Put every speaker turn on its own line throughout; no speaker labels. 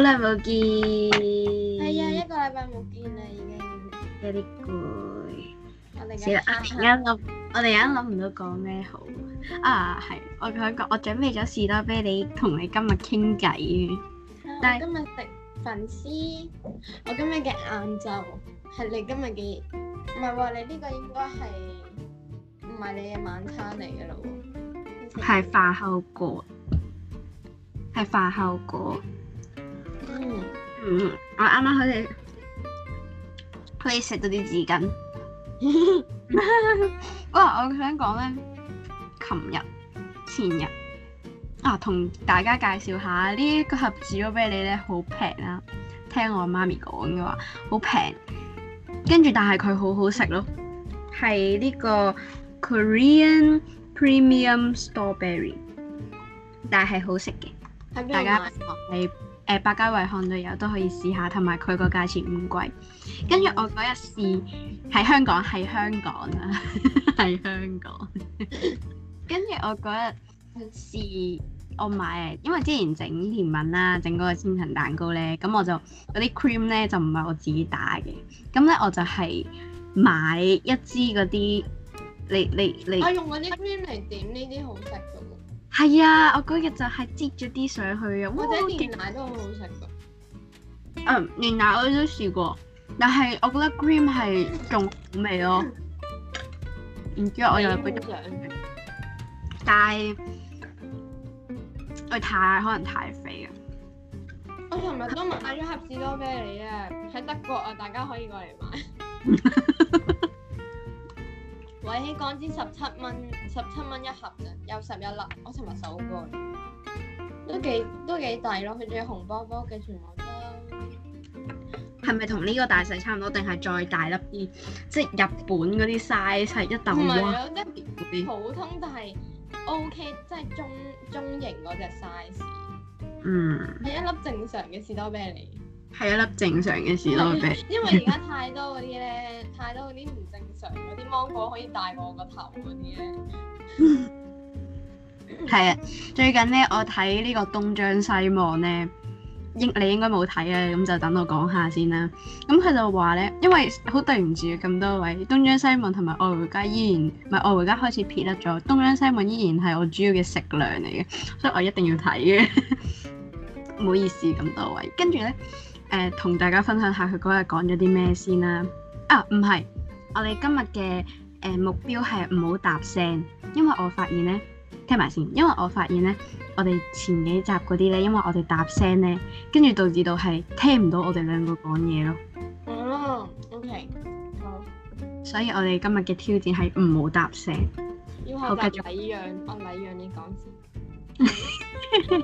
好耐冇見。係啊，
一個禮拜冇見啦，已經有啲攰。我哋而家我哋而家
諗唔到講咩好。啊，係，我講個，我準備咗士多啤梨同你今日傾偈。
但係今日食粉絲，我今日嘅晏晝係你今日嘅，唔係喎，你呢個應該係唔係你嘅晚餐嚟嘅
咯？係飯後果，係飯後果。.嗯，我啱啱開始可以食到啲紙巾。 哇！我想講咧，琴日、前日啊，同大家介紹下呢個盒子俾你咧，好平啦。聽我媽咪講嘅話，好平。跟住，但係佢好好食咯，係呢個 Korean Premium Strawberry，但係好食嘅。
哪大家
係。誒、呃、百佳惠康都有都可以試下，同埋佢個價錢唔貴。跟住我嗰日試喺香港，喺香港啦，喺香港。跟 住香港 我嗰日試，我買，因為之前整甜品啦，整嗰個千層蛋糕咧，咁我就嗰啲 cream 咧就唔係我自己打嘅，咁咧我就係買一支嗰啲，你你你，我、啊、用嗰啲 cream 嚟點呢啲好
食。
係啊，我嗰日就係擠咗啲上去啊！哦、或者煉奶都好
好食
嘅。嗯，煉奶我都試過，但係我覺得 cream 係仲好味咯。然
之後我又有，但係我太可能太肥啊！我尋日都買咗盒士多啤梨啊，喺德國啊，大家可以過嚟買。 我喺港紙十七蚊，十七蚊一盒有十一粒。我尋日手過，都幾都幾抵咯。佢仲要紅波波，嘅，全部都
係。係咪同呢個大細差唔多？定係再大粒啲？ 即係日本嗰啲 size 係一豆。唔
係、即係、普通 OK，但係 OK，即係中中型嗰隻 size。嗯。係一粒正常嘅士多啤梨。
係一粒正常嘅士多啤梨，因為而
家
太多嗰啲咧，太多嗰啲唔正常嗰啲芒果可以大過我個頭嗰啲咧。係啊，最近咧我睇呢個東張西望咧，應你應該冇睇啊，咁就等我講下先啦。咁佢就話咧，因為好對唔住咁多位，東張西望同埋愛回家依然，唔係愛回家開始撇甩咗，東張西望依然係我主要嘅食糧嚟嘅，所以我一定要睇嘅。唔 好意思咁多位，跟住咧。誒，同、呃、大家分享下佢嗰日講咗啲咩先啦。啊，唔係，我哋今日嘅誒目標係唔好答聲，因為我發現呢，聽埋先。因為我發現呢，我哋前幾集嗰啲呢，因為我哋答聲呢，跟住導致到係聽唔到我哋兩個講嘢咯。嗯、oh，OK，好，oh。所以我哋今日嘅挑戰係唔好答聲。
因為我繼續，好繼
續。阿禮讓，阿禮讓你講先。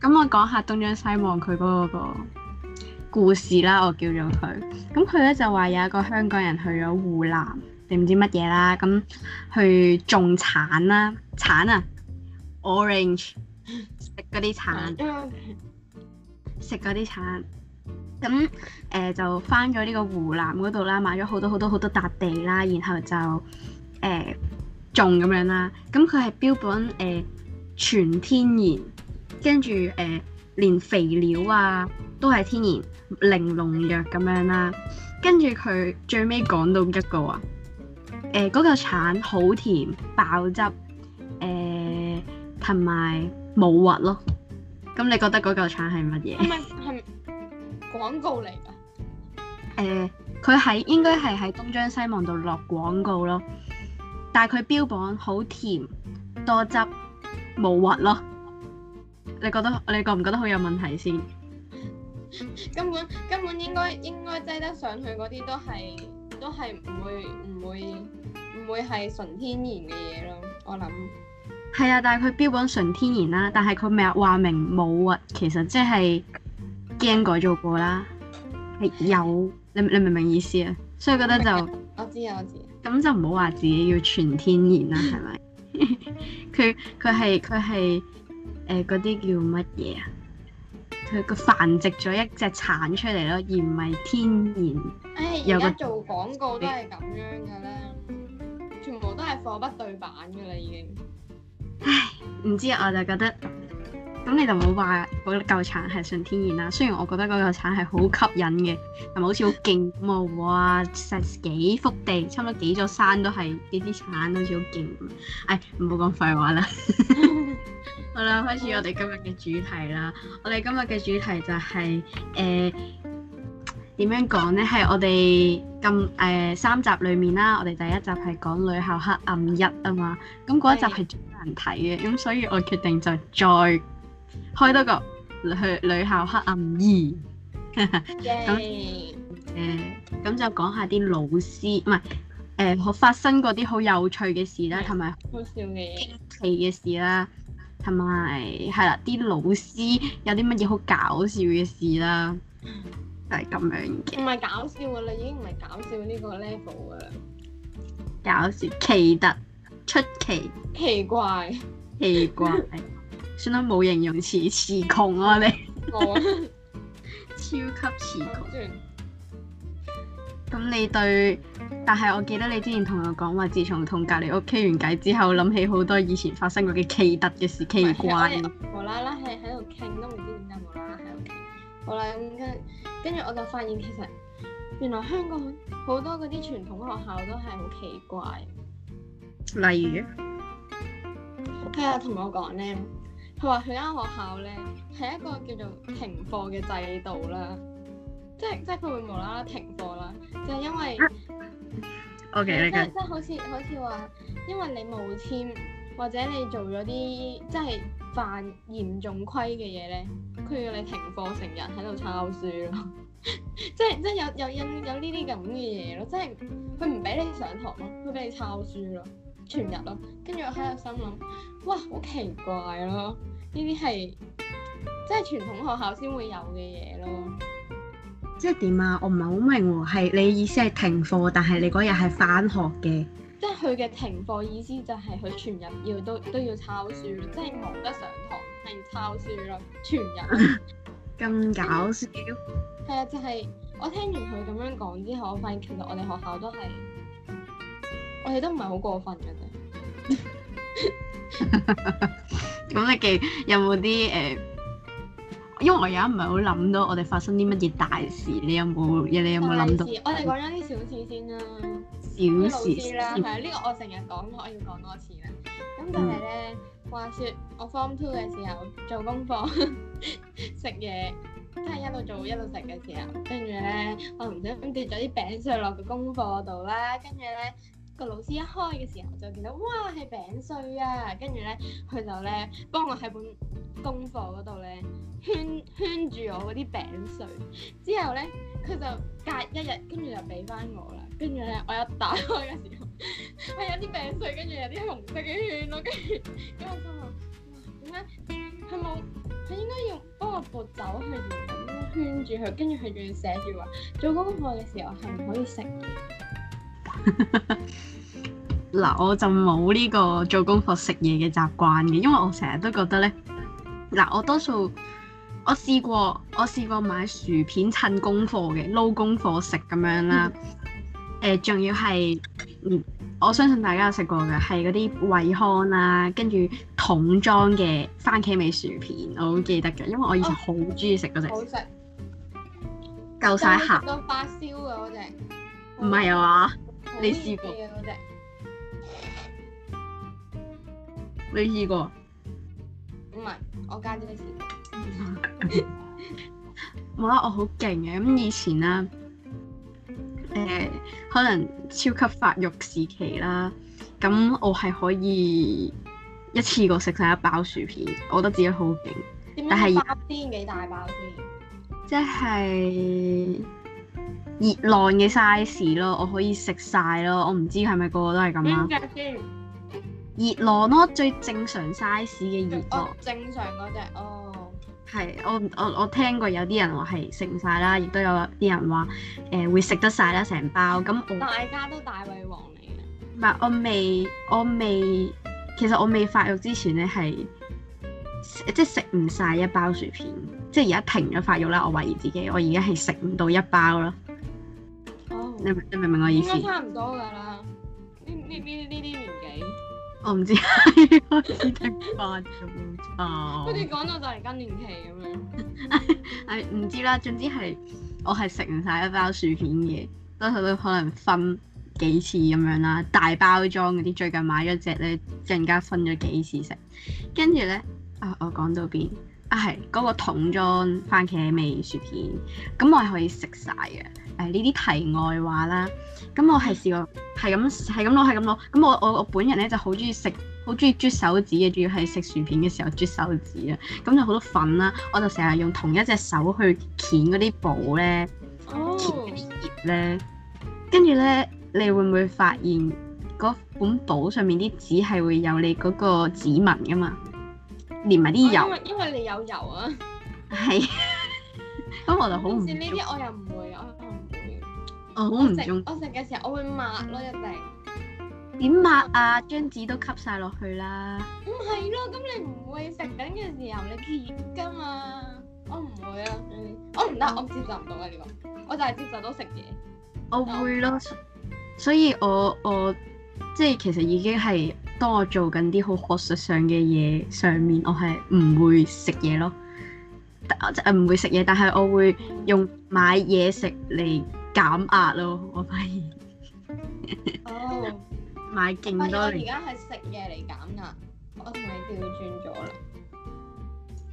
咁、 嗯、 我講下東張西望佢嗰，那個。故事啦，我叫咗佢。咁佢咧就話有一個香港人去咗湖南定唔知乜嘢啦，咁去種橙啦，橙啊，Orange，
食嗰啲橙，
食嗰啲橙。咁誒、呃、就翻咗呢個湖南嗰度啦，買咗好多好多好多笪地啦，然後就誒、呃、種咁樣啦。咁佢係標本誒、呃、全天然，跟住誒連肥料啊都係天然。玲瓏藥咁樣啦，跟住佢最尾講到一個啊，誒嗰嚿橙好甜爆汁，誒同埋冇核咯，咁你覺得嗰嚿橙係乜嘢？係咪係
廣告嚟㗎？
誒、呃，佢係應該係喺東張西望度落廣告咯，但係佢標榜好甜多汁冇核咯，你覺得你覺唔覺得好有問題先？
根本根本應該應該擠得上去嗰啲都係都係唔會唔會唔會係純天然
嘅嘢咯，我諗係啊，但係佢標榜純天然啦、啊，但係佢咪話明冇啊。其實即係驚改造過啦，係有你你明唔明意思啊？所以覺得就
我知啊，我知
咁就唔好話自己要全天然啦，係咪？佢佢係佢係誒嗰啲叫乜嘢啊？ 是吧 佢個繁殖咗一隻橙出嚟咯，而唔係天然。唉、哎，而家做廣告
都
係咁樣噶啦，全部都係貨不對版噶啦已經。唉，唔知呀我就覺得，咁你就唔好話嗰嚿橙係純天然啦。雖然我覺得嗰嚿橙係好吸引嘅，係咪好似好勁咁啊？哇！實幾幅地，差唔多幾座山都係呢啲橙，好似好勁。唉，唔好講廢話啦。 好啦，開始我哋今日嘅主題啦。 我哋今日嘅主題就係、是、誒，點、呃、樣講呢？係我哋咁誒三集裏面啦。我哋第一集係講女校黑暗一啊嘛，咁嗰一集係最難睇嘅，咁是所以我決定就再開多個女女校黑暗二。咁 誒 Yeah.、嗯，咁就講下啲老師唔係誒，我、嗯嗯嗯嗯嗯嗯嗯嗯、發生嗰啲好有趣嘅事啦，同埋好笑嘅、驚奇嘅事啦。同埋係啦，啲老師有啲乜嘢好搞笑嘅事啦，就係咁樣
嘅。唔
係搞笑噶啦，已經唔
係搞笑呢個 level
噶啦。搞笑、奇特、出奇、
奇怪、
奇怪，算啦，冇形容詞詞窮啊你。我，
超級詞窮。
咁你對？但係，我記得你之前同我講話，自從同隔離屋傾完偈之後，諗起好多以前發生過嘅奇特嘅事，奇怪嘅。無啦啦喺喺度傾，都唔知
點解無啦啦喺屋企。好啦，跟住我就發現其實原來香港好多嗰啲傳統學校都係好奇怪。例如，佢阿同我講咧，佢話佢間學校咧係一個叫做停課嘅制度啦，即係即係佢會無啦啦停課啦，就係因為。Okay, okay. 即係即係好似好似話，因為你冇簽或者你做咗啲即係犯嚴重規嘅嘢咧，佢要你停課成日喺度抄書咯。 即係即係有有有有呢啲咁嘅嘢咯。即係佢唔俾你上堂咯，佢俾你抄書咯，全日咯。跟住我喺度心諗，哇，好奇怪咯！呢啲係即係傳統學校先會有嘅嘢咯。即係
點啊？我唔係好明喎、啊，係你意思係停課，但係你嗰日係返學嘅。
即係佢嘅停課意思就係佢全日要都都要抄書，即係冇得上堂，係、就、要、是、抄書咯，全日。
咁 搞笑。係、
嗯、啊，就係、是、我聽完佢咁樣講之後，我發現其實我哋學校都係，我哋都唔係好過分嘅啫。
咁 你記有冇啲誒？Uh, 因為我而家唔係好諗到我哋發生啲乜嘢大事，你有冇？你有冇諗到？我哋講咗啲小事先啦。小事啦。係啊，呢事、呢個我成日
講，我要講多次啦。咁但係咧，嗯、話説我 Form Two 嘅時候做功課食嘢，即 係一路做一路食嘅時候，呢跟住咧我唔小心咁跌咗啲餅碎落個功課度啦，跟住咧。個老師一開嘅時候就見到，哇係餅碎啊！跟住咧，佢就咧幫我喺本功課嗰度咧圈圈住我嗰啲餅碎。之後咧，佢就隔一日，跟住就俾翻我啦。跟住咧，我一打開嘅時候， 我有啲餅碎，跟住有啲紅色嘅圈咯。跟住，跟住我心話，哇點解佢冇？佢應該要幫我撥走係點圈住佢？跟住佢仲要寫住話，做功課嘅時候係唔可以食。
嗱， 我就冇呢個做功課食嘢嘅習慣嘅，因為我成日都覺得呢。嗱，我多數我試過，我試過買薯片趁功課嘅，撈功課食咁樣啦。仲、嗯呃、要係、嗯，我相信大家有食過嘅係嗰啲惠康啦，跟住、啊、桶裝嘅番茄味薯片，我好記得嘅，因為我以前好中意食嗰隻。好食。夠晒，鹹。好多
發燒嘅
嗰隻。唔係啊嘛？
你試過？那個、你試過？唔係，我
家姐試過。 哇！我好勁嘅咁，以前啦，誒、呃、可能超級發育時期啦，咁我係可以一次過食晒一包薯片，我覺得自己好勁。但係，八片
幾大包
先？即係。熱浪嘅 size 咯，我可以食晒咯。我唔知係咪個個都係咁啦？點、嗯嗯嗯、
熱
浪咯，最正常 size 嘅熱浪。哦、正
常嗰隻哦。
係我我我聽過有啲人話係食唔晒啦，亦都有啲人話誒、呃、會食得晒啦，成包咁。大家都大
胃王嚟嘅。
唔係我未，我未，其實我未發育之前咧係即係食唔晒一包薯片，即係而家停咗發育啦。我懷疑自己，我而家係食唔到一包咯。你明唔明我意思？應該差唔多噶啦，呢呢呢呢
啲年紀。我唔知。開始聽咁
妝。好似講
到就係更
年期咁樣。誒唔知啦，總之係我係食唔晒一包薯片嘅，都都可能分幾次咁樣啦。大包裝嗰啲最近買咗隻咧，更加分咗幾次食。跟住咧，啊我講到邊？啊係嗰個桶裝番茄味薯片，咁我係可以食晒嘅。誒呢啲題外話啦，咁我係試過，係咁係咁攞，係咁攞。咁我我我本人咧就好中意食，好中意啜手指嘅，仲要係食薯片嘅時候啜手指啊。咁就好多粉啦，我就成日用同一隻手去鉸嗰啲簿咧，哦，嗰啲頁咧。跟住咧，你會唔會發現嗰本簿上面啲紙係會有你嗰個指紋噶嘛？連埋啲油、
哦因，因為你有油啊。係。
咁我就好唔。呢啲我
又唔會。我唔
食，我食嘅時候我會抹咯，一定點抹啊？將紙都吸晒落去啦。唔
係咯，咁你唔會食緊嘅時候你見
噶嘛？我唔會啊，嗯、我唔得，我接受唔到啊呢個。我就係接受到食嘢。我會咯，所以我我即係其實已經係當我做緊啲好學術上嘅嘢上面我，我係唔會食嘢咯。即係唔會食嘢，但係我會用買嘢食嚟。減壓咯，我發現。哦
oh,，
買勁多。而家
係食嘢嚟減壓，我同你調轉咗啦。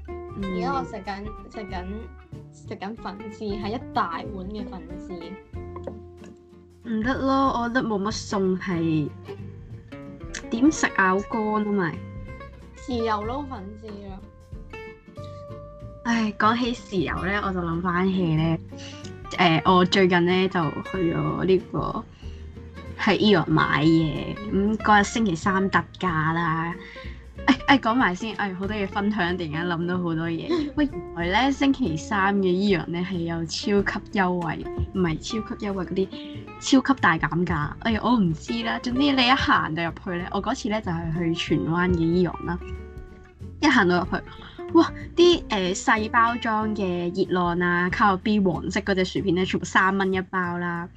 而家、嗯、我食緊食緊食緊粉絲，係一大碗嘅粉絲。
唔得咯，我覺得冇乜餸係點食好乾啊咪。
豉油撈，粉絲
啊。唉，講起豉油咧，我就諗翻起咧。誒、呃，我最近咧就去咗呢、這個喺 AEON 買嘢，咁、嗯、日星期三特價啦。誒、哎、誒，講、哎、埋先，誒、哎、好多嘢分享，突然間諗到好多嘢。喂，原來咧星期三嘅 AEON 咧係有超級優惠，唔係超級優惠嗰啲超級大減價。誒、哎，我唔知啦，總之你一行就入去咧。我嗰次咧就係、是、去荃灣嘅 AEON 啦，一行到入去。哇！啲誒、呃、細包裝嘅熱浪啊，卡樂 B 黃色嗰隻薯片咧，全部三蚊一包啦。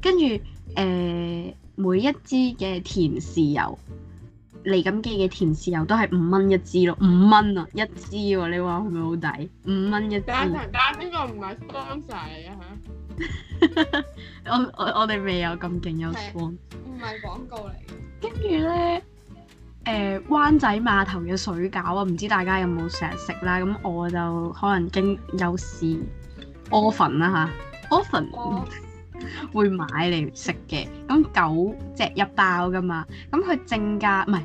跟住誒，每一支嘅甜豉油，李錦記嘅甜豉油都係五蚊一支咯，五蚊啊一支喎！你話係咪好抵？五蚊一支。
但係但呢個唔係
sponsor 啊嚇！我我哋未有咁勁有 sponsor 唔係廣
告嚟
嘅，跟住咧。誒、呃、灣仔碼頭嘅水餃啊，唔知大家有冇成日食啦？咁我就可能經有時 oven 啦吓 oven 會買嚟食嘅。咁九隻一包噶嘛，咁佢正價唔係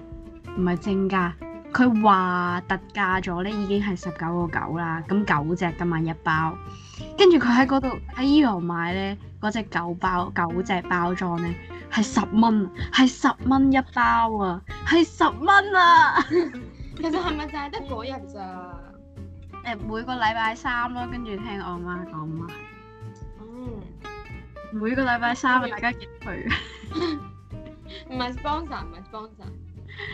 唔係正價，佢話特價咗呢已經係十九個九啦。咁九隻噶嘛一包，跟住佢喺嗰度喺 Ero 買呢，嗰隻九包九隻包裝呢，係十蚊，係十蚊一包啊！係十蚊啊！ 其實係咪就係得嗰日咋？誒每個禮拜三咯，跟住聽我媽講啊。嗯，每個禮拜三啊，大家見佢、嗯。唔
係 sponsor，唔係 sponsor。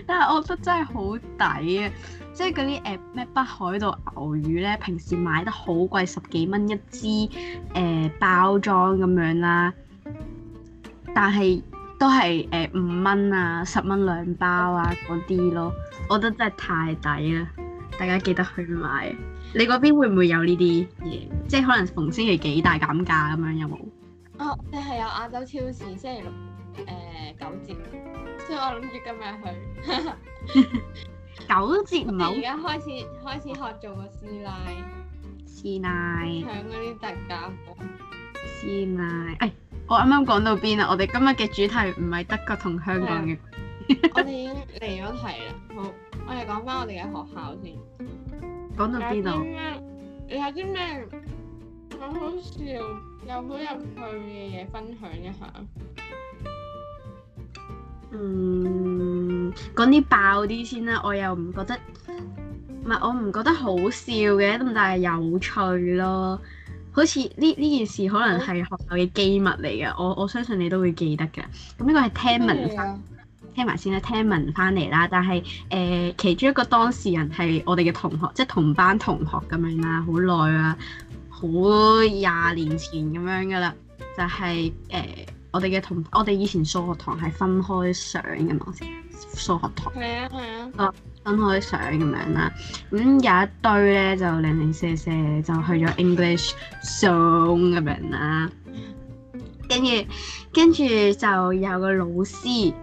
但係我覺得真係好抵啊！即係嗰啲誒咩北海道牛魚咧，平時買得好貴，十幾蚊一支誒、呃、包裝咁樣啦。但係。都係誒五蚊啊，十蚊兩包啊嗰啲咯，我覺得真係太抵啦！大家記得去買。你嗰邊會唔會有呢啲嘢？Yeah. 即係可能逢星期幾大減價咁樣有冇？
哦，你係有亞洲超市星期六誒、呃、九
折，所以我諗住今日去哈哈 九折唔係。而家
開始開始學做個
師奶，
師
奶搶嗰啲特價貨，師奶誒。我啱啱講到邊啊？我哋今日嘅主題唔係德國同香港嘅的。 我哋已
經離咗題啦。好，我哋講翻我哋嘅學校先。講到邊度？你有啲咩？好好
笑又好有趣嘅嘢，分享一下。嗯，講啲爆啲先啦。我又唔覺得，唔係我唔覺得好笑嘅，咁但係有趣咯。好似呢呢件事可能係學校嘅機密嚟嘅，我我相信你都會記得嘅。咁、嗯、呢、呢個係聽聞，聽埋先啦，聽聞翻嚟啦。但係誒、呃，其中一個當事人係我哋嘅同學，即係同班同學咁樣啦，好耐啦，好廿年前咁樣噶啦。就係、是、誒、呃，我哋嘅同我哋以前數學堂係分開上嘅嘛，數學堂
係啊係啊。
分開上咁樣啦，咁、嗯、有一堆咧就零零碎碎就去咗 English Song 咁、嗯、樣啦，
跟
住跟住就有個老師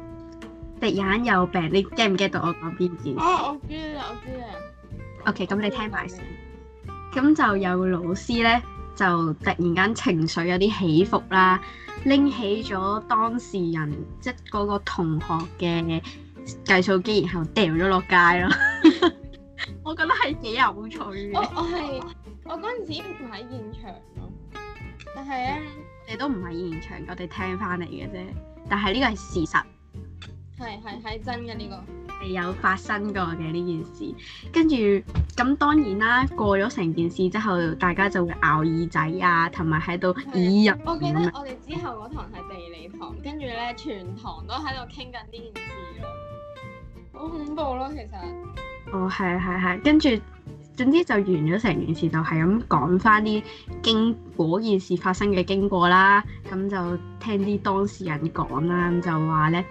突然間有病，你記唔記到我講邊件？哦、哎，
我知我知。OK，咁你聽
埋先。咁就有個老師咧，就突然間情緒有啲起伏啦，拎起咗當事人即係嗰個同學嘅計數機然後掉咗落街咯，我覺得係幾有
趣嘅。我我係我嗰陣時唔喺現場咯，但係
咧，啊，你都唔係現場，我哋聽翻嚟嘅啫。但係呢個係事實，係係係真嘅
呢、
呢個係有發生過嘅呢件事。跟住咁當然啦，過咗成件事之後，大家就會咬耳仔啊，同埋喺度耳入。我記得我哋之後嗰堂係地理堂，
跟住咧全堂都喺度傾緊呢件事。
好恐怖咯，其實哦，係啊、哦，係係，跟住總之就完咗成件事，就係咁講翻啲經嗰件事發生嘅經過啦。咁就聽啲當事人講啦，就話呢。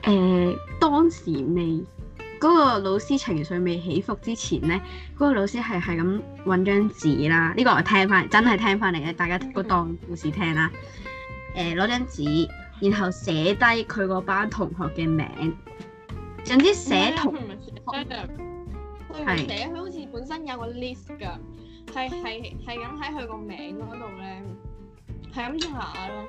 誒、呃，當時未嗰、那個老師情緒未起伏之前呢，嗰、那個老師係係咁揾張紙啦。呢、這個我聽翻真係聽翻嚟嘅，大家個當故事聽啦。攞、嗯呃、張紙，然後寫低佢嗰班同學嘅名。
總之寫同，
佢唔寫，佢好
似本身有個 list 㗎，係係係
咁喺佢個名嗰度咧，係咁寫咯。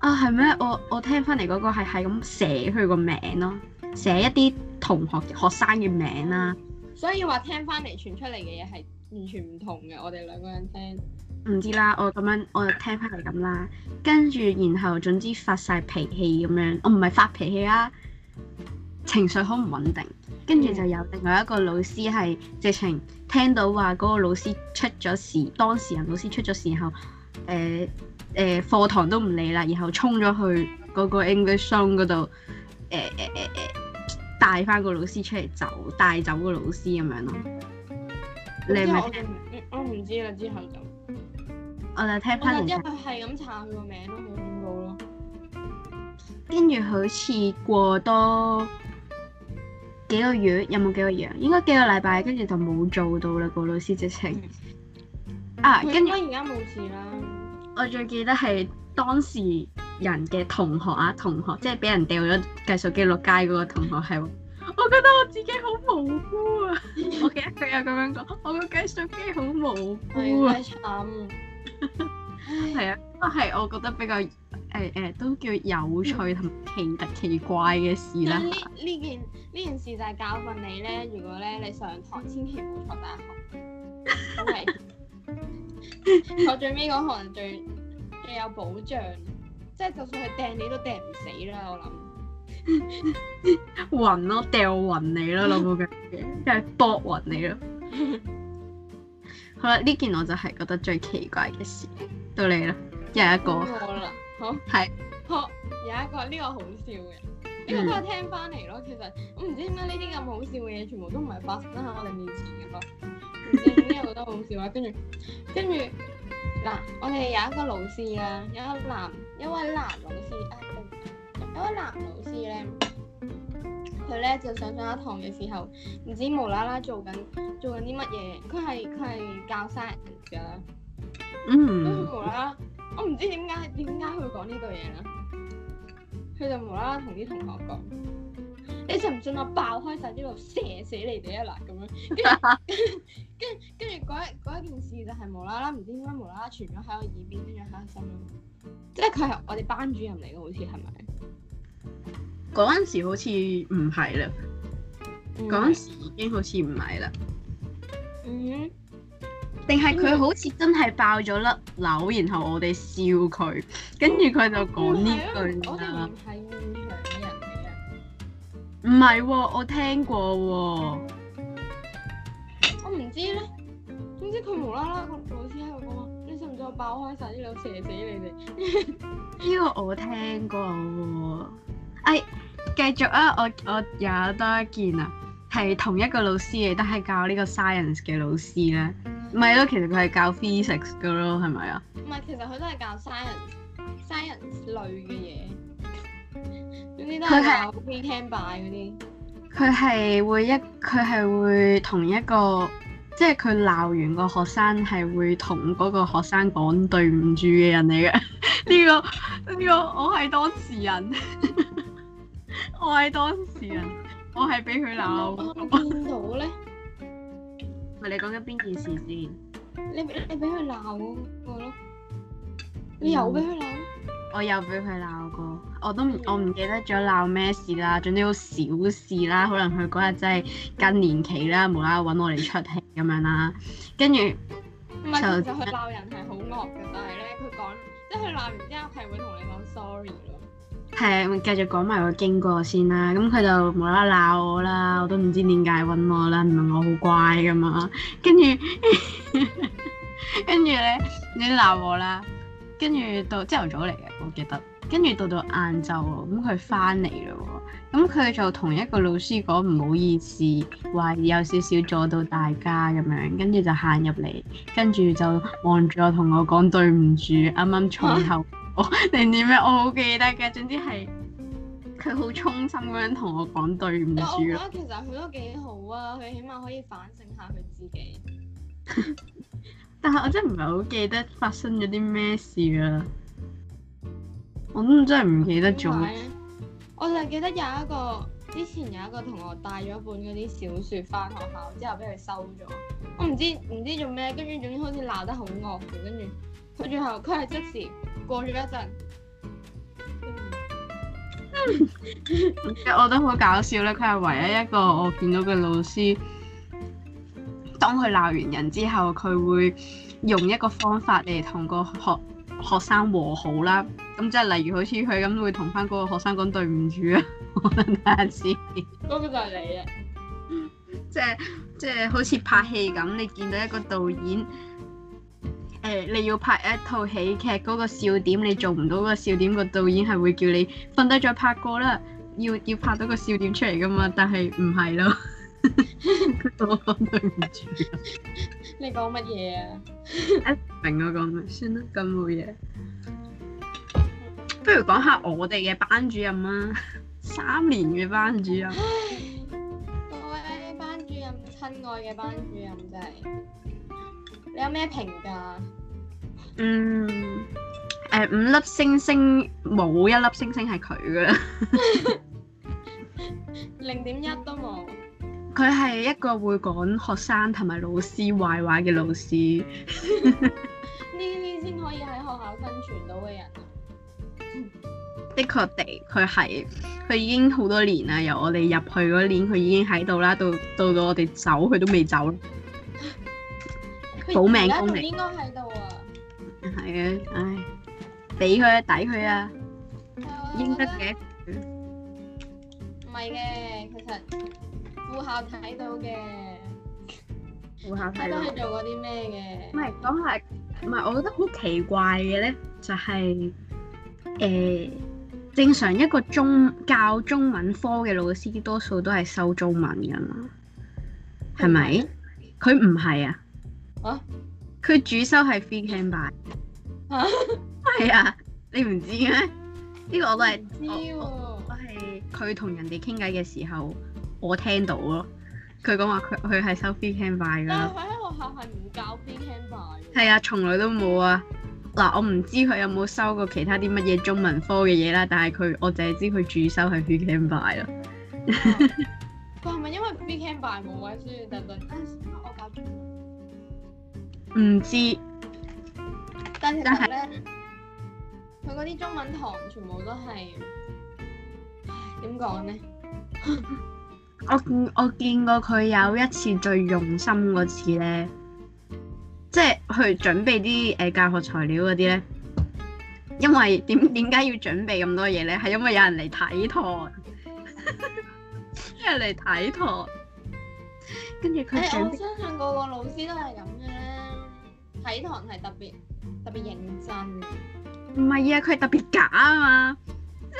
啊，係咩？我我聽翻嚟嗰個係係咁寫佢個名咯，寫一啲同學學生嘅名啦。所以話聽翻嚟
傳出嚟嘅嘢係完全唔同嘅。我哋兩
個人聽，唔知啦。我咁樣，我就聽翻嚟咁啦，跟住然後總之發晒脾氣咁樣，我唔係發脾氣啦。情緒好唔穩定，跟住就有另外一個老師係直情聽到話嗰個老師出咗事，當事人老師出咗事後，誒誒，課堂都唔理啦，然後衝咗去嗰個 English Room 嗰度，誒誒誒誒，帶翻個老師出嚟走，帶走個老師咁樣咯。你係咪
我唔知啦，之後就
我就聽翻。我知佢
係咁查佢個名都冇見到咯。
跟住好似過多幾個月，有冇幾個月啊？應該幾個禮拜，跟住就冇做到啦。個老師直情、嗯、啊，跟住而
家
冇事啦。我最記得係當時人嘅同學啊，同學即係俾人掉咗計數機落街嗰個同學係。 我覺得我自己好無辜啊！ 我記得佢又咁樣講，我個計數機好無
辜啊！太、哎、
慘。係啊、 哎，不過係我覺得比較。係誒、欸，都叫有趣同奇特奇怪嘅事啦。呢
呢、嗯、件呢件事就係教
訓你咧，如果咧你上堂千祈唔好坐大學，真係坐最尾嗰行最最有保障，即係就算係掟你都掟唔死啦。
我諗暈咯，掟暈 你咯，老
母嘅，即係搏暈你咯。 好啦，呢件我就係覺得最奇怪嘅事，到你啦，一人一個。 好啊
好係好有一個呢個好笑嘅，呢個都係聽翻嚟咯。Mm. 其實我唔知點解呢啲咁好笑嘅嘢，全部都唔係發生喺我哋面前嘅咯。有冇覺得好笑啊？跟住跟住嗱，我哋有一個老師啊，有一男，一位男老師啊，一位男老師咧，佢咧就上上一堂嘅時候，唔知無啦啦做緊做緊啲乜嘢？佢係佢係教生嘅，嗯，
無啦。
我唔知點解點解佢會講呢句嘢啦，佢就無啦啦同啲同學講，嗯、你信唔信我爆開晒呢度射死你哋啊，嗱咁樣，跟住跟住跟住嗰一一件事就係無啦啦唔知點解無啦啦傳咗喺我耳邊，跟住黑心，即係佢係我哋班主任嚟嘅，好似係咪？
嗰陣 時好似唔係啦，嗰陣 時已經好似唔係啦。嗯。
定係佢好
似真係爆咗粒紐，然後我哋笑佢，跟住佢就講呢句我哋唔係現
場
嘅。嗯啊、人。」唔係喎，我聽過喎、啊。我唔
知咧， 總
之佢無啦啦個老師喺度講話，你使唔使爆開晒啲紐射死你哋？呢 個我聽過喎、啊。哎，繼續啊，我我有多一件啊，係同一個老師嚟，都係教呢個 science 嘅老師咧。唔係咯，其實佢係教 physics 噶咯，係咪啊？唔係，其實佢 都係教 science，science 類嘅嘢。
點解都係偏偏拜嗰
啲？佢係會一，佢係會同一個，即係佢鬧完個學生係會同嗰個學生講對唔住嘅人嚟嘅。呢個呢個，呢個、我係當事人， 人，我係當事人，我係俾佢鬧。我聽到咧。唔係
你講緊邊件
事先？你你俾佢鬧過咯？你有俾佢鬧？我有俾佢鬧過，我都我唔記得咗鬧咩事啦，總之都小事啦，可能佢嗰日真係更年期啦， 無啦啦揾我哋出氣咁樣啦，跟住。唔係是，其實佢鬧人係好惡嘅，但係咧，佢講，即係佢鬧完之後係會同你講 sorry。係啊，我繼續講埋個經過先啦。咁、嗯、佢就無啦啦鬧我啦，我都唔知點解揾我啦，唔係我好乖噶嘛。跟住，跟住咧，你鬧我啦。跟住到朝頭早嚟嘅，我記得。跟住到到晏晝喎，咁佢翻嚟咯。咁佢、嗯、就同一個老師講唔好意思，話有少少阻到大家咁樣。我跟住就行入嚟，跟住就望住我同我講對唔住，啱啱坐後。我、哦、你知咩？我好記得嘅，總之係佢好衷心咁樣同我講對唔住咯。我覺得
其實佢都幾好啊，佢起碼可以反省下佢自己。
但係我真係唔係好記得發生咗啲咩事啊。我都真係唔記得咗。
我就記得有一個之前有一個同學帶咗一本嗰啲小說翻學校，之後俾佢收咗。我唔知唔知做咩，跟住總之開始鬧得好惡。跟住佢最後佢係即時，
過咗一陣， 我覺得好搞笑咧！佢係唯一一個我見到嘅老師，當佢鬧完人之後，佢會用一個方法嚟同個學學生和好啦。咁即係例如好似佢咁，會同返嗰個學生講對唔住
啊！ 我諗睇下次嗰個
就係你啊！即係即係好似拍戲咁，你見到一個導演。你要拍一套喜劇，嗰個笑點，你做唔到個笑點，個導演係會叫你瞓低再拍過啦。要要拍到個笑點出嚟㗎嘛？但係唔係咯。 我講對唔住。你講
乜
嘢啊？ 明我講咩？算啦，咁冇嘢。嗯、不如講下我哋嘅班主任啦，三年嘅班主任。 各位班主任，親愛嘅
班主任，真係。
你有咩評價？嗯，誒、呃、五粒星星，冇一粒星星係佢㗎啦，零點
一都冇。
佢係一個會講學生同埋老師壞話嘅老師。呢啲先
可以喺學校生存到嘅
人。 的確地，佢係佢已經好多年啦。由我哋入去嗰年，佢已經喺度啦。到到到我哋走，佢都未走。保命功能，應該喺度啊！係啊，唉，俾佢啊，抵佢啊，
應得嘅。唔係嘅，其實副校睇到嘅，副校睇到。佢都係做過啲咩嘅？唔係講係
唔係？我覺得好奇怪嘅咧，就係誒正常一個中教中文科嘅老師，多數都係收中文噶嘛，
係咪？
佢唔係啊。啊！佢主修係 freehand 板，係啊，啊！你唔知嘅咩？呢、這個我都係唔知喎、啊。我係佢同人哋傾偈嘅時候，我聽到咯。佢講話佢佢係收 freehand 板噶啦。佢喺
學校係唔教 freehand。
係啊，從來都冇啊。嗱，我唔知佢有冇收過其他啲乜嘢中文科嘅嘢啦。但係佢，我就係知佢主修係 freehand 板咯。佢係咪、啊、 因為 freehand
板冇位先等等？但、啊、係我搞。中文。唔知，但係咧，佢嗰啲中文堂全部都係點講
呢？ 我，我見我見過佢有一次最用心嗰次咧，即係去準備啲誒教學材料嗰啲咧，因為點點解要準備咁多嘢咧？係因為有人嚟睇堂， 有人嚟睇堂，
跟住佢。誒、欸，我相信個個老師都係咁。睇
堂係特別特別認真，唔係啊，佢係特別假啊嘛，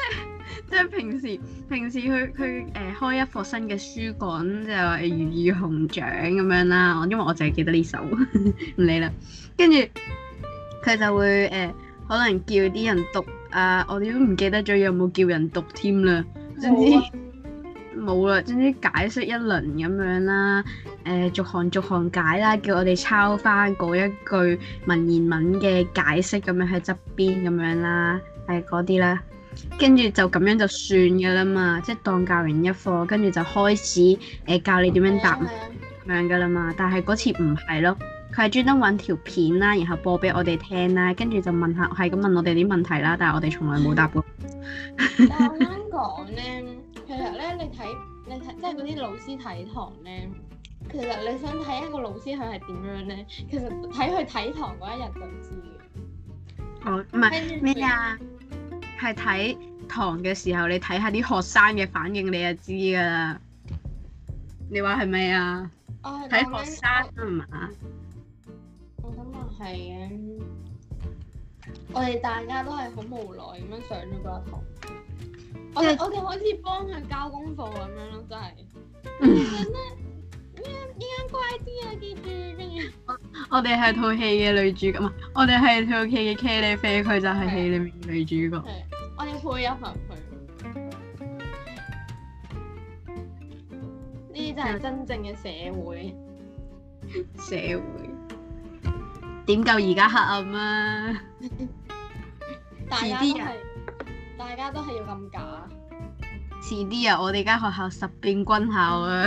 即係即係平時平時佢佢誒開一課新嘅書講就如意紅掌咁樣啦，因為我淨係記得呢首，唔理啦，跟住佢就會誒、呃、可能叫啲人讀啊，我哋都唔記得咗有冇叫人讀添啦，
總之、啊。至
冇啦，總之解釋一輪咁樣啦，誒逐行逐行解啦，叫我哋抄翻嗰一句文言文嘅解釋咁樣喺側邊咁樣啦，係嗰啲啦，跟住就咁樣就算嘅啦嘛，即係當教完一課，跟住就開始誒、呃、教你點樣答咁、嗯嗯、樣嘅啦嘛。但係嗰次唔係咯，佢係專登揾條片啦，然後播俾我哋聽啦，跟住就問下係咁問我哋啲問題啦，但係我哋從來冇答過、嗯。
講呢、 嗯。睇你睇，
即係嗰啲老師睇堂咧，其實你想睇一個老師佢係點樣咧，其實睇佢睇堂嗰一日就知。哦，唔係咩啊？係睇堂嘅時候，你睇下啲學生嘅反應，你就知噶啦。你話係咪啊？睇學生係嘛？
我諗係嘅。我哋大家都係好無奈咁樣上咗嗰堂。我哋我哋好似幫佢交功課咁樣咯，真係。邊間邊間乖
啲啊！記住，我哋係套戲嘅女主角，唔係我哋係套戲嘅茄喱啡，佢就係戲裡面女主角。我
哋
配合佢。呢啲就係真正嘅社會。 社會點夠而家黑暗啊！ 大家。大家都係要咁假？遲啲啊！我哋間學校十變軍校啊！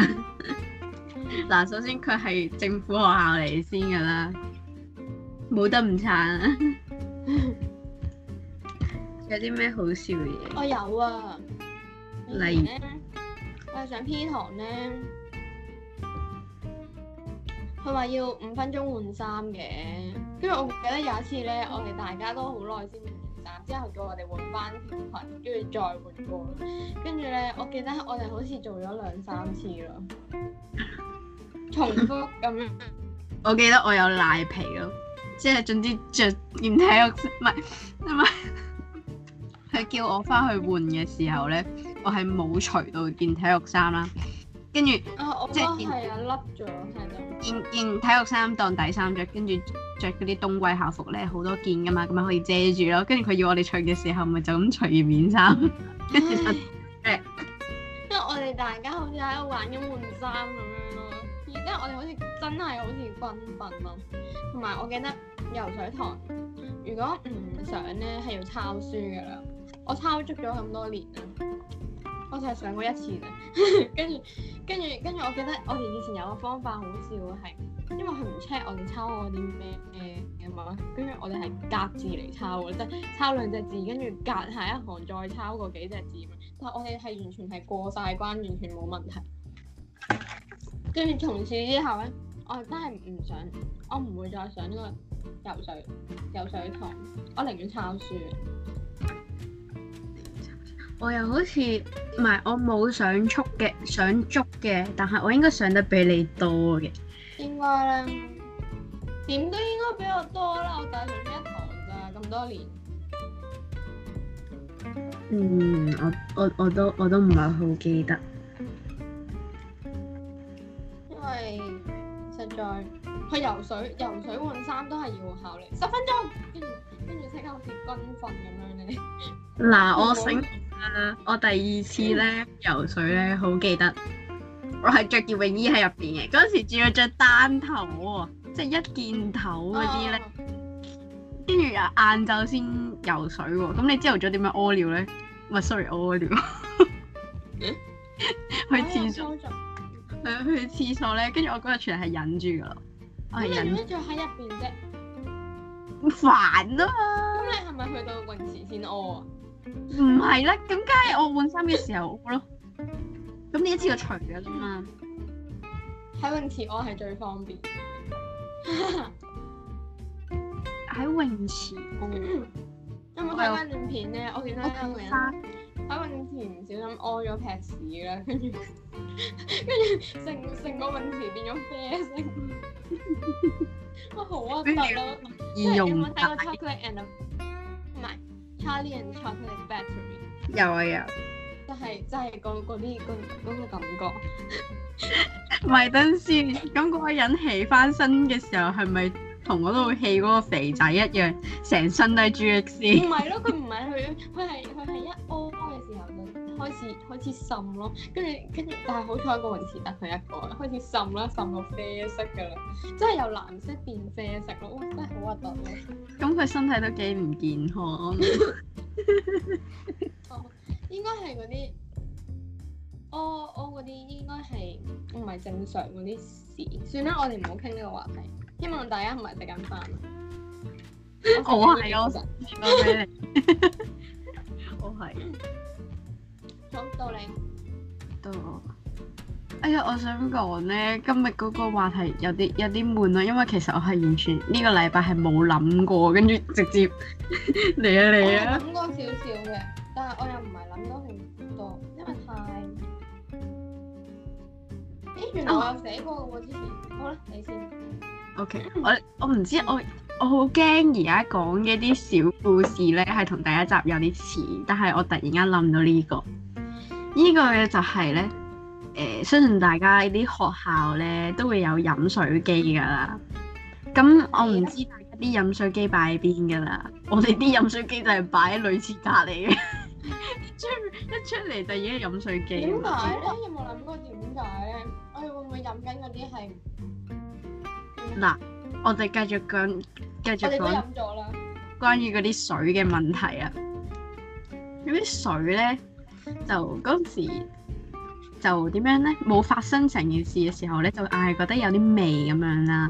嗱， 首先佢係政府學校嚟先㗎啦，冇得唔撐。 有啲咩好笑嘅嘢？我有啊。例如咧，我係上 P 堂咧，佢話要五分鐘換衫嘅，跟住我記得有一次咧，嗯、我哋大家都好耐
先。之後叫我哋換翻條裙，跟住再換過，跟住
咧，我記得我哋好似做咗兩三次咯， 重複咁樣。 我記得我有賴皮咯，即係總之着件體育唔係，唔係，佢 叫我翻去換嘅時候咧，我係冇除到件體育衫啦。
跟住，即係揀，係啊，笠咗，係啊，件
件體育衫當底衫着，跟住着嗰啲冬季校服咧，好多件噶嘛，咁咪可以遮住咯。跟住佢要我哋除嘅時候，咪就咁隨便衫。跟住就，因為我哋大家好似喺度玩緊換衫咁樣咯，而因為
我哋好似真係好似軍訓咯。同埋我記得游水堂，如果唔想咧，係要抄書噶啦。我抄足咗咁多年啦。我就係上過一次咋， 跟住跟住跟住，我記得我哋以前有個方法好笑，係因為佢唔 check 我哋抄嗰啲咩嘅嘛，跟住我哋係隔字嚟抄嘅，即係抄兩隻字，跟住隔下一行再抄過幾隻字。但係我哋係完全係過晒關，完全冇問題。跟住從此之後咧，我真係唔想，我唔會再上呢個游水游水堂，我寧願抄書。我又好似
唔係，我冇上足嘅，上足嘅，但係我應該上得比你多嘅。
應該啦，點都應該比我多啦。我帶上一
堂咋咁多年？嗯，我我我都我都唔係好記得，因為實在去游水，游水換衫都係要
考慮十分鐘，跟住跟住即刻
好似軍訓咁樣咧。嗱，我醒。我第二次咧，游水咧，好記得我係着件泳衣喺入邊嘅。嗰時仲要着單頭，哦，即係一件頭嗰啲咧。跟住又晏晝先游水喎。哦，咁你朝頭早點樣屙尿咧？唔係，sorry，屙尿。嗯？去廁所。係、欸、啊，去廁所咧。跟住我嗰日全係忍住噶，我係忍
住
喺入邊啫。好煩啊！咁
你係咪去到泳池先屙啊？唔係啦，咁
梗係我換衫嘅時候
好咯。咁你一次就除嘅啫嘛。喺泳池屙係最方便。喺泳池屙。有冇睇翻段片咧？我其他一個人喺泳池唔小心屙咗撇屎啦，跟住跟住成成個泳池變咗啡色。我好啊，
睇到。易容。睇
到抄佢嘅。charge 啲 charge 佢嘅
battery，有啊有，
就係、是，就係
嗰啲嗰、嗰個感覺。唔係 等先，咁嗰個人起翻身嘅時候，係咪同嗰套戲嗰個肥仔一樣，成身都係 G X？唔係咯，佢唔係去佢，佢係
佢係一屙嘅時候就。開始開始滲咯，跟住跟住，但係好彩個泳池得佢一個，一個，開始滲啦，滲到啡色嘅啦，真係由藍色變啡色咯，真係好核突咯。咁
佢身體都幾唔健康。哦， 嗯、
應該係嗰啲，我我嗰啲應該係唔係正常嗰啲事，算啦，我哋唔好傾呢個話題。希望大家唔係食緊飯、啊。我係，我實給 我係。好，
到你。到我。哎呀，我想講咧，今日嗰個話題有啲有啲悶咯，因為其實我係完全呢個禮拜係冇諗過，跟住直接嚟啊嚟啊！諗多少少嘅，但係我又唔
係諗咗好多，因
為太誒，原來我有寫過喎。啊、之前好啦，你先。OK，我我唔知，我我好驚而家講嘅啲小故事咧，係同第一集有啲似，但係我突然間諗到呢個。呢個咧就係咧，誒相信大家啲學校咧都會有飲水機噶啦。咁我唔知大家啲飲水機擺喺邊噶啦。我哋啲飲水機就係擺喺類似隔離嘅。 一出嚟就已經飲水機。點解？有冇諗過點解？
我哋會唔會飲緊
嗰啲係？嗱，我哋繼續講，繼續講。我飲咗啦。關於嗰啲水嘅問題啊，嗰啲水咧。就嗰時就點樣咧，冇發生成件事嘅時候咧，就硬係覺得有啲味咁樣啦。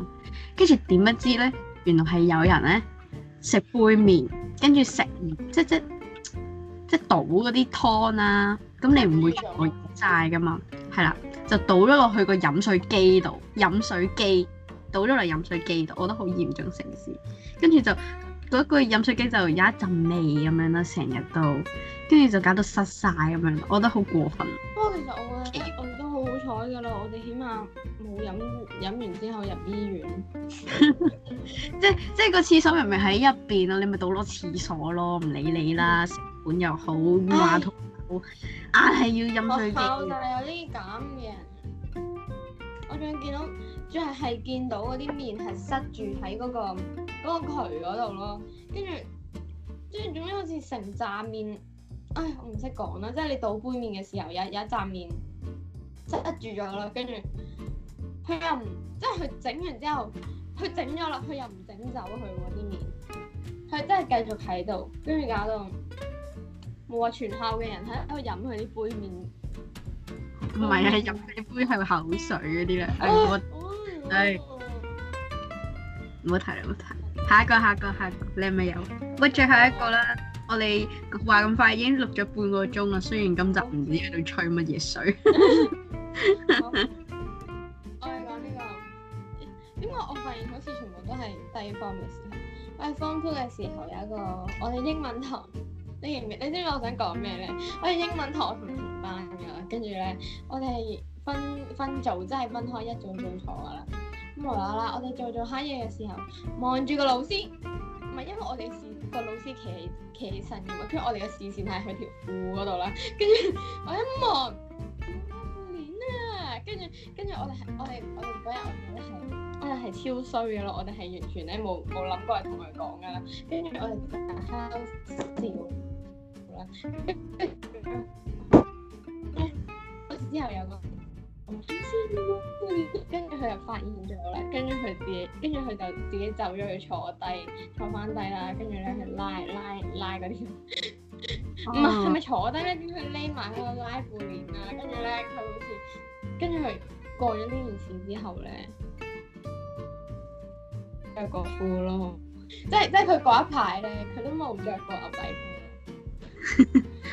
跟住點不知咧，原來係有人咧食杯麵，跟住食，即即即倒嗰啲湯啦。咁你唔會做晒噶嘛？係啦，就倒咗落去，去個飲水機度，飲水機倒咗嚟飲水機度，我覺得好嚴重成事。跟住就。嗰個飲水機就有一陣味咁樣啦，成日都，跟住就搞到濕晒咁樣，我覺得好過分。不
過其實我、欸、我哋都好好彩㗎啦，我哋起碼冇飲飲完
之後入醫院。 即係即係個廁所明明喺入邊啊，你咪倒落廁所咯，唔理你啦，食本又好，馬桶又好，硬係要飲水機。學校就係有啲咁嘅人。我仲見到，仲係係見到嗰啲麵係
塞住喺嗰個。嗰個渠嗰度咯，跟住即係總之好似成炸麵，唉，我唔識講啦，即係你倒杯麵嘅時候，有有一紮麵塞住咗啦，跟住佢又唔即係佢整完之後，佢整咗啦，佢又唔整走佢喎啲麵，佢真係繼續喺度，跟住搞到冇話全校嘅人喺度飲佢啲杯麵，唔係啊，係飲
啲杯係會口水嗰啲咧，唉，唔好提，唔好提。下一個，下一個，下一個，你係咪有？我最後一個啦。哦、我哋話咁快已經錄咗半個鐘啦。雖然今集唔知喺度吹乜嘢水。我哋講呢個，因為我發現好似全部都係低、哎、方嘅時候。我哋方 two 嘅時候有一個，我哋英文堂，你明唔明？你知唔知我想講咩咧？我哋英
文堂我同班噶，跟住咧，我哋分分組，即係分開一組做組坐噶啦。
無啦啦，我哋
做做下嘢嘅時候，望住個老師，唔係因為我哋視、個老師企起身嘅嘛，跟住我哋嘅視線係去條褲嗰度啦。跟住我一望，褲鏈啊！跟住跟住我哋，我哋我哋嗰日我哋係我哋係超衰嘅咯，我哋係完全咧冇冇諗過係同佢講噶啦。跟住我哋好笑，笑，好啦。跟住 之後有個。跟住佢又發現咗啦，跟住佢自己，跟住佢就自己走咗去坐低，坐翻低啦，跟住咧佢拉拉拉嗰啲，唔係係咪坐低咧？點佢匿埋喺個拉褲鏈啊？跟住咧佢好似，跟住佢過咗呢件事之後咧，著過褲咯，即係即係佢嗰一排咧，佢都冇着過牛仔褲。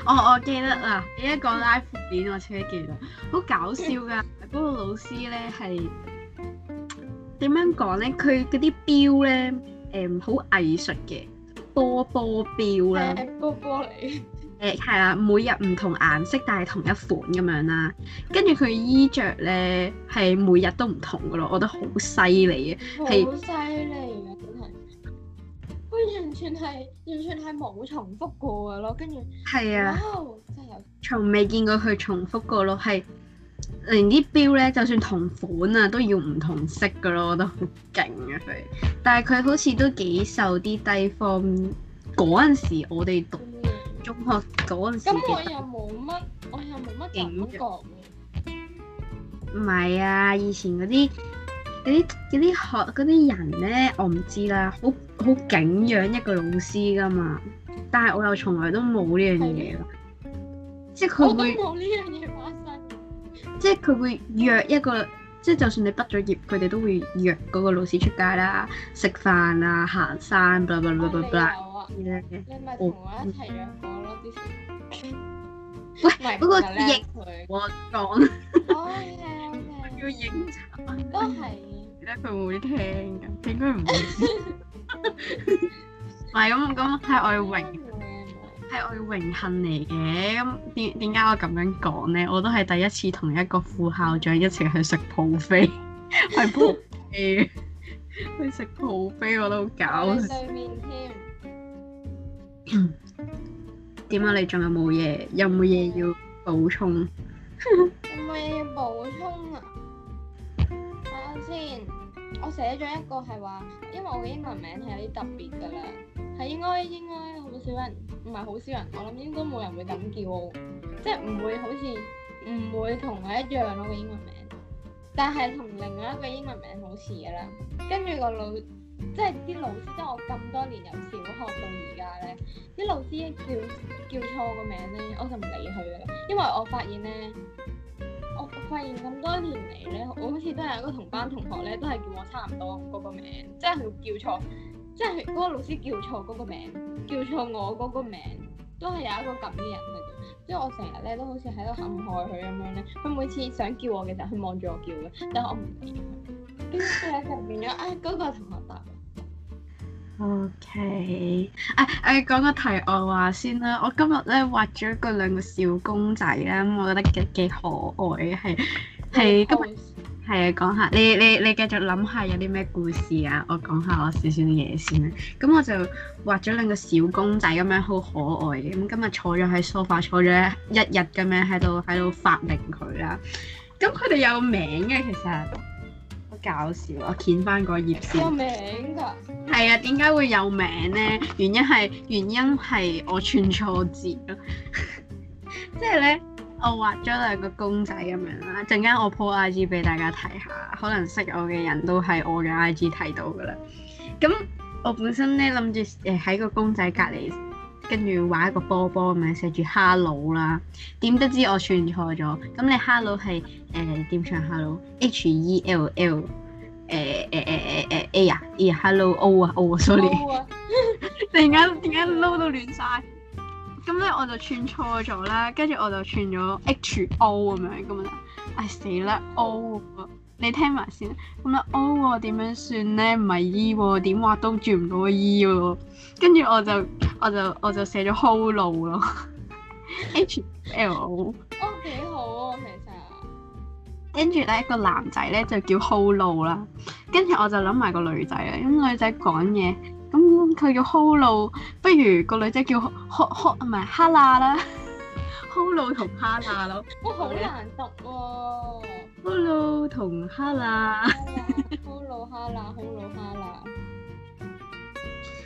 我、 哦、我記得啦，呢一個 live
片我超記得，好搞笑噶。嗰 個老師咧係點樣講咧？佢嗰啲表咧，誒、嗯，好藝術嘅波波表啦，
波波嚟。
誒、啊，係啦、嗯啊，每日唔同顏色，但係同一款咁樣啦。跟住佢衣着咧係每日都唔同噶咯，我覺得好犀利啊，係、好犀利啊，
真係。完全係，完全係冇重複過嘅咯，跟住係啊，
真係有從未見過佢重複過咯，係連啲表咧，就算同款同啊，都要唔同色嘅咯，都好
勁啊佢。
但係佢好似都幾受啲低分嗰陣時我，我哋讀中學嗰陣時嘅、嗯。咁我又冇乜，我
又
冇乜感覺。唔係啊，以前嗰啲嗰啲嗰啲學嗰啲人咧，我唔知啦，好～好敬仰一個老師㗎嘛，但係我又從來都冇呢樣嘢，即係佢會冇呢樣嘢發生。即係佢會約一個，即係就算你畢咗業，佢哋都會約嗰個老師出街啦，食飯啊，行山，blah blah blah blah blah。你有啊？你咪同我一齊約過咯啲事。
喂，不過應我講，我要應酬，都係。覺
得佢會聽㗎，應該唔會。唔係咁咁，係 我嘅榮，係我嘅榮幸嚟嘅。咁點點解我咁樣講呢？我都係第一次同一個副校長一齊去食 buffet 去食 buffet 我都好搞笑。對面添。 點解你仲有冇嘢？有冇嘢要補充？有
冇嘢要補充啊？我先。我寫咗一個係話，因為我嘅英文名係有啲特別噶啦，係應該應該好少人，唔係好少人，我諗應該冇人會咁叫，即係唔會好似唔會同我一樣咯個英文名，但係同另外一個英文名好似噶啦。跟住個老，即係啲老師，即係我咁多年由小學到而家咧，啲老師一叫叫錯我個名咧，我就唔理佢噶啦，因為我發現咧。發現咁多年嚟咧，我好似都係有一個同班同學咧，都係叫我差唔多嗰個名，即係佢叫錯，即係嗰個老師叫錯嗰個名，叫錯我嗰個名，都係有一個咁嘅人嚟嘅。即係我成日咧都好似喺度陷害佢咁樣咧，佢每次想叫我嘅時候，佢望住我叫嘅，但係我唔理佢，跟住咧就變咗，唉，嗰、哎嗰個同學答。
O K，誒誒講個題外話先啦，我今日咧畫咗個兩個小公仔啦、嗯，我覺得幾幾可愛嘅，係係 今日係啊，講下你你你繼續諗下有啲咩故事啊，我講下我少少嘢先啦。咁、嗯、我就畫咗兩個小公仔咁樣好可愛嘅，咁、嗯、今日坐咗喺 sofa，坐咗一日咁樣喺度喺度發明佢啦。咁佢哋有名嘅其實。搞笑，我掀翻個頁
先。
有名㗎的。係啊，點解會有名呢？原因係原因係我串錯字囉。即係咧，我畫咗兩個公仔咁樣啦。陣間我 po IG 俾大家睇下，可能識我嘅人都喺我嘅 IG 睇到㗎啦。咁我本身咧諗住誒喺個公仔隔離。跟住玩一個波波咁樣寫住 hello 啦，點得知我串錯咗？咁你 hello 係誒點串 hello？H E L L 誒誒誒誒誒誒呀！呀 hello O 啊 O，sorry。突然間點解撈到亂晒？咁咧我就串錯咗啦，跟住我就串咗 H O 咁樣咁就，唉死啦 O 啊！你聽埋先，咁樣 O 喎，點樣算咧？唔係 E 喎，點話都轉唔到個 E 喎，跟住我就我就我就寫咗 Holo 咯，H L O，哦幾好啊，其實，跟住咧一個男仔咧就叫 Holo 啦，跟住我就諗埋個女仔啦，咁女仔講嘢，咁佢叫 Holo，不如個女仔叫 H H 唔係哈 a 啦。Hello 同哈娜咯，哇好、 哦、
難讀喎！Hello 同哈娜，Hello 哈娜，Hello 哈娜，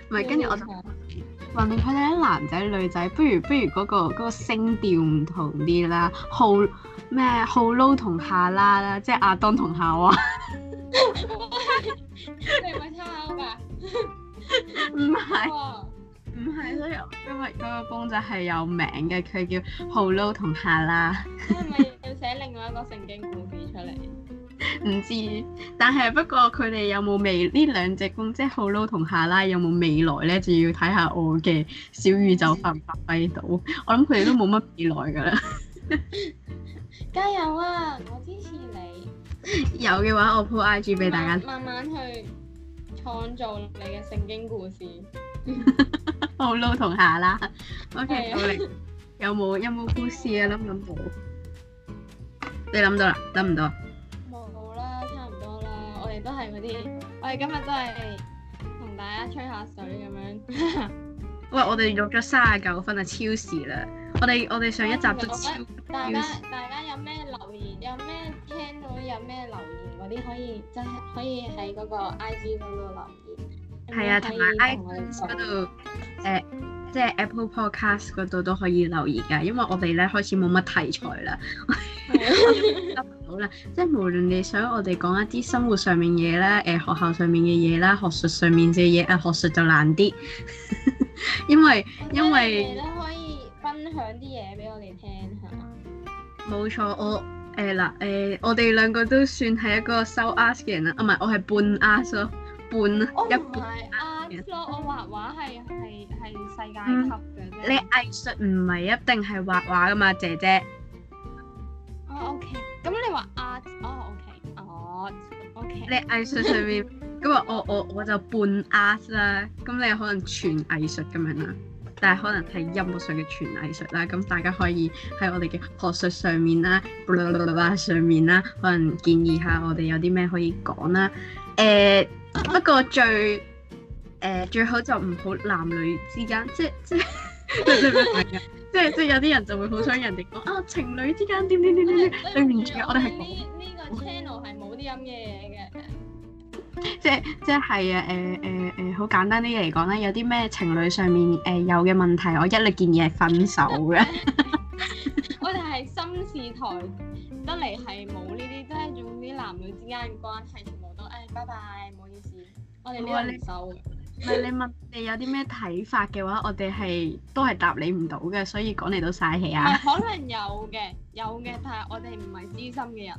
唔係跟住我訓練佢哋啲男仔女仔，不如不如嗰、那個嗰、那個聲調唔同啲啦，好咩？Hello 同哈娜啦，ala, 即係阿當同夏娃， 你唔
係聽下噶，唔 係是。 係，所以
今日嗰個公仔係有名嘅，佢叫好佬同夏拉。係、嗯、咪
要寫另外一個聖經故事出嚟？唔、嗯嗯、知，
但係不過佢哋有冇未呢兩隻公，即係好佬同夏拉有冇未來咧？就要睇下我嘅小宇宙發唔發揮到。我諗佢哋都冇乜未來㗎啦。 加
油啊！我支持你。有嘅話，我 po IG 俾大家慢慢，慢慢去創造你嘅聖經故事。
好撈同下啦，OK，我哋的有冇有冇故事啊？諗唔諗到？你諗到啦？諗唔到？冇啦，差唔多啦。我哋都係
嗰啲，我哋今日都係同大家吹下水咁樣。
喂，我哋錄咗三十九分啊，超時啦！我哋我哋上一集都超。大家大家有咩留言？有
咩聽到有咩留言嗰啲可以即係可以喺嗰個 I G 嗰度留
言。係啊，同埋 I G 嗰度。的誒、啊，即係 Apple Podcast 嗰度都可以留言噶，因為我哋咧開始冇乜題材啦， 好啦，即係無論你想我哋講一啲生活上面嘢啦，誒、呃，學校上面嘅嘢啦，學術上面嘅嘢，啊，學術就難啲， 因為因為，你
可以
分享啲嘢俾我哋聽，係嘛。冇錯，我誒嗱，誒、欸欸，我哋兩個都算係一個收 ask 嘅人啦，啊唔係，我係半 ask 咯， Oh、一半一 my 人。
唔係 ask 咯，我畫畫係係。世界
級嘅你藝術唔係一定係畫畫噶嘛，姐姐。哦、oh，OK，
咁你話 art，哦，OK，art，OK。你藝術上面，
咁啊， 我我我就半 art 啦，咁你可能全藝術咁樣啦，但係可能係音樂上嘅全藝術啦。咁大家可以喺我哋嘅學術上面啦，blah blah blah 上面啦，可能建議下我哋有啲咩可以講啦。誒、uh，Okay. 不過最誒、uh, 最好就唔好男女之間，即即即即即即即即即有啲人就會好想人哋講啊，情侶之間點點點點點對唔住，ació, ana,
power, 我哋係講呢呢
個 channel 係冇啲咁嘅嘢嘅。即即係啊誒誒誒好簡單啲嚟講咧，有啲咩情侶上面誒有嘅問題，我一律建議係分手嘅。我哋係新視
台得嚟係冇呢啲，即係用啲男女之間嘅關係全部都誒拜拜。唔好意思，我哋呢個唔收唔係你
問你有啲咩睇法嘅話，我哋係都係答你唔到嘅，所以講你都嘥氣啊、嗯！可
能有嘅，有嘅，但係我哋唔係資深嘅人。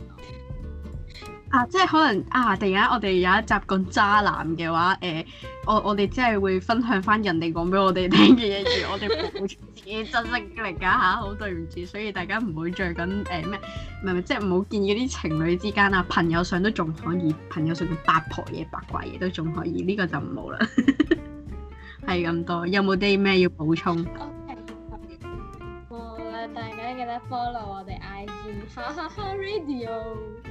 啊，
即係可能啊，突然間我哋有一集講渣男嘅話，誒、呃，我我哋即係會分享翻人哋講俾我哋聽嘅嘢， 而我哋唔會自己珍惜嘅嘢、啊，家下好對唔住，所以大家唔好再緊誒咩，唔係咪？即係唔好建議啲情侶之間啊，朋友上都仲可以， 朋友上八婆嘢、八卦嘢都仲可以，呢、這個就唔好啦。係 咁多，有冇啲咩要補充？冇
啦、okay.，大家記得 follow 我哋 IG，哈哈哈 Radio。